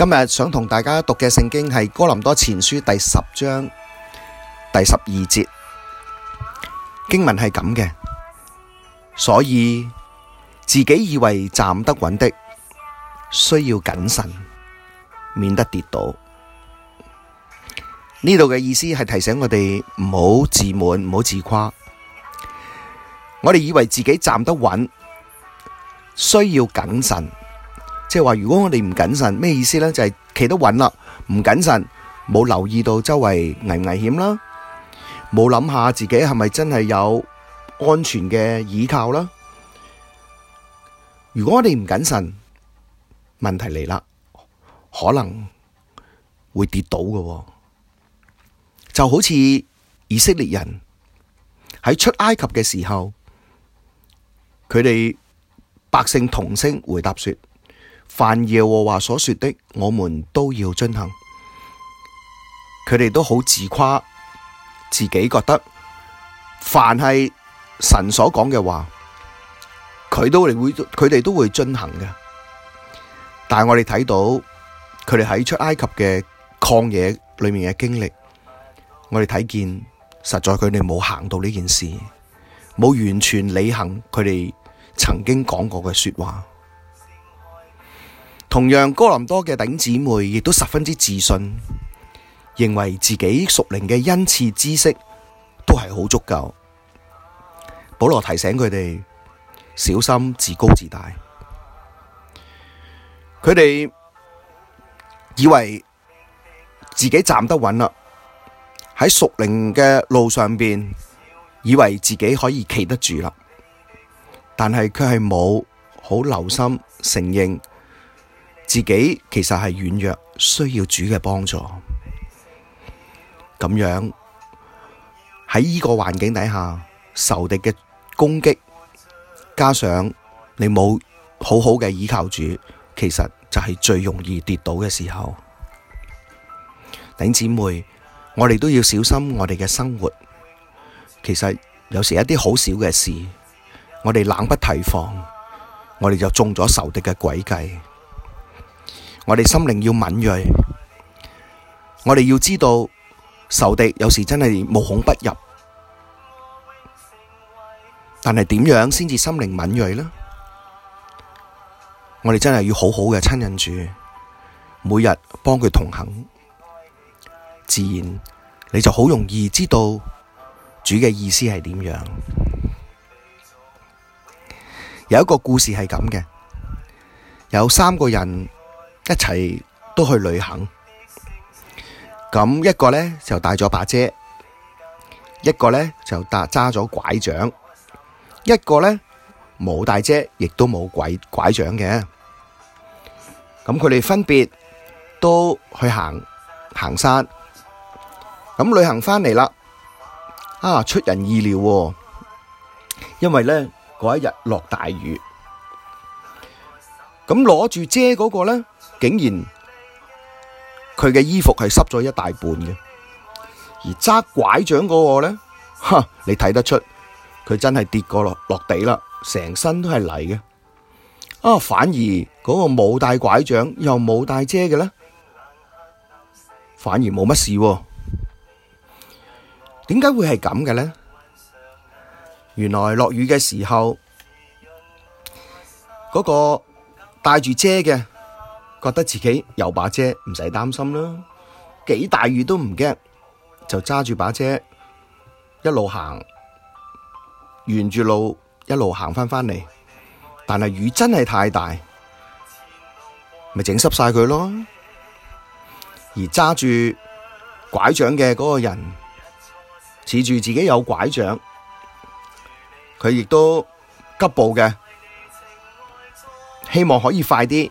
今日想同大家讀嘅聖經係哥林多前書第十章第十二節，經文係咁嘅，所以自己以為站得穩的，需要謹慎，免得跌倒。呢度嘅意思係提醒我哋唔好自滿，唔好自誇。我哋以為自己站得穩，需要謹慎。即係話，如果我哋唔謹慎，咩意思咧？就係企得穩啦，唔謹慎，冇留意到周圍危唔危險啦，冇諗下自己係咪真係有安全嘅倚靠啦。如果我哋唔謹慎，問題嚟啦，可能會跌倒嘅喎。就好似以色列人喺出埃及嘅時候，佢哋百姓同聲回答說凡耶和華所說的，我們都要遵行。佢哋都好自誇，自己覺得凡係神所講嘅話，佢都會，佢哋都會遵行嘅。但我哋睇到佢哋喺出埃及嘅曠野裏面嘅經歷，我哋睇見實在佢哋冇行到呢件事，冇完全履行佢哋曾經講過嘅說話。同樣，哥林多嘅頂姊妹亦都十分之自信，認為自己屬靈嘅恩賜知識都係好足夠。保羅提醒佢哋小心自高自大，佢哋以為自己站得穩喇，喺屬靈嘅路上邊，以為自己可以企得住喇，但係佢係冇好留心承認。自己其實係軟弱，需要主嘅幫助。咁樣喺呢個環境底下，仇敵嘅攻擊，加上你冇好好嘅依靠主，其實就係最容易跌倒嘅時候。頂姊妹，我哋都要小心我哋嘅生活。其實有時一啲好小嘅事，我哋冷不提防，我哋就中咗仇敵嘅詭計。我哋心靈要敏銳，我哋要知道仇敵有時真係無孔不入，但係點樣先至心靈敏銳呢？我哋真係要好好嘅親近主，每日幫佢同行，自然你就好容易知道主嘅意思係點樣。有一個故事係咁嘅，有三個人。一齊都去旅行，咁一個呢，就帶咗把遮，一個呢，就搭揸咗拐杖，一個呢，冇帶遮，亦都冇拐拐杖嘅。咁佢哋分別都去行行山，咁旅行翻嚟啦，啊出人意料喎，因為呢，嗰一日落大雨，咁攞住遮嗰個呢。竟然佢嘅衣服係濕咗一大半嘅，而揸拐杖嗰個呢，吓你睇得出佢真係跌過落落地啦，成身都係泥嘅。啊，反而嗰個冇帶拐杖又冇帶遮嘅呢，反而冇乜事。點解會係咁嘅呢？原來落雨嘅時候，嗰個帶住遮嘅。覺得自己有把遮，唔使擔心咯。幾大雨都唔驚，就揸住把遮，一路行，沿住路一路行返返嚟。但係雨真係太大，咪整濕晒佢咯。而揸住拐杖嘅嗰個人，恃住自己有拐杖，佢亦都急步嘅，希望可以快啲。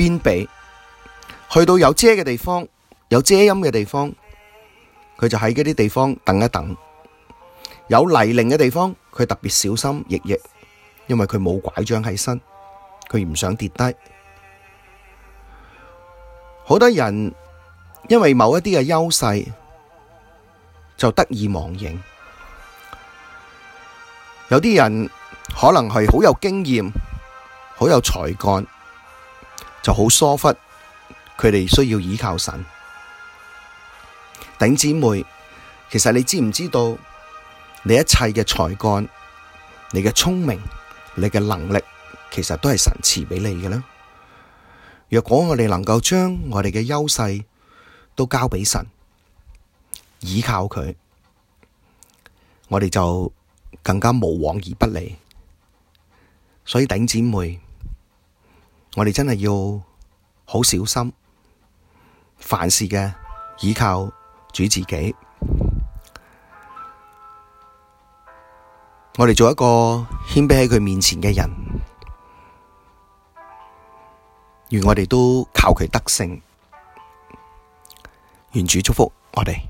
邊避，去到有遮嘅地方，有遮陰嘅地方，佢就喺嗰啲地方等一等。有泥濘嘅地方，佢特別小心翼翼，因為佢冇拐杖喺身，佢唔想跌低。好多人因為某一啲嘅優勢，就得意忘形。有啲人可能係好有經驗，好有才幹。就好疏忽，佢哋需要倚靠神。頂姐妹，其實你知唔知道，你一切嘅才幹、你嘅聰明、你嘅能力，其實都係神賜畀你嘅啦。若果我哋能夠將我哋嘅優勢都交畀神，依靠佢，我哋就更加無往而不利。所以頂姐妹。我哋真係要好小心，凡事嘅倚靠主自己，我哋做一個謙卑喺佢面前嘅人，願我哋都靠佢得勝，願主祝福我哋。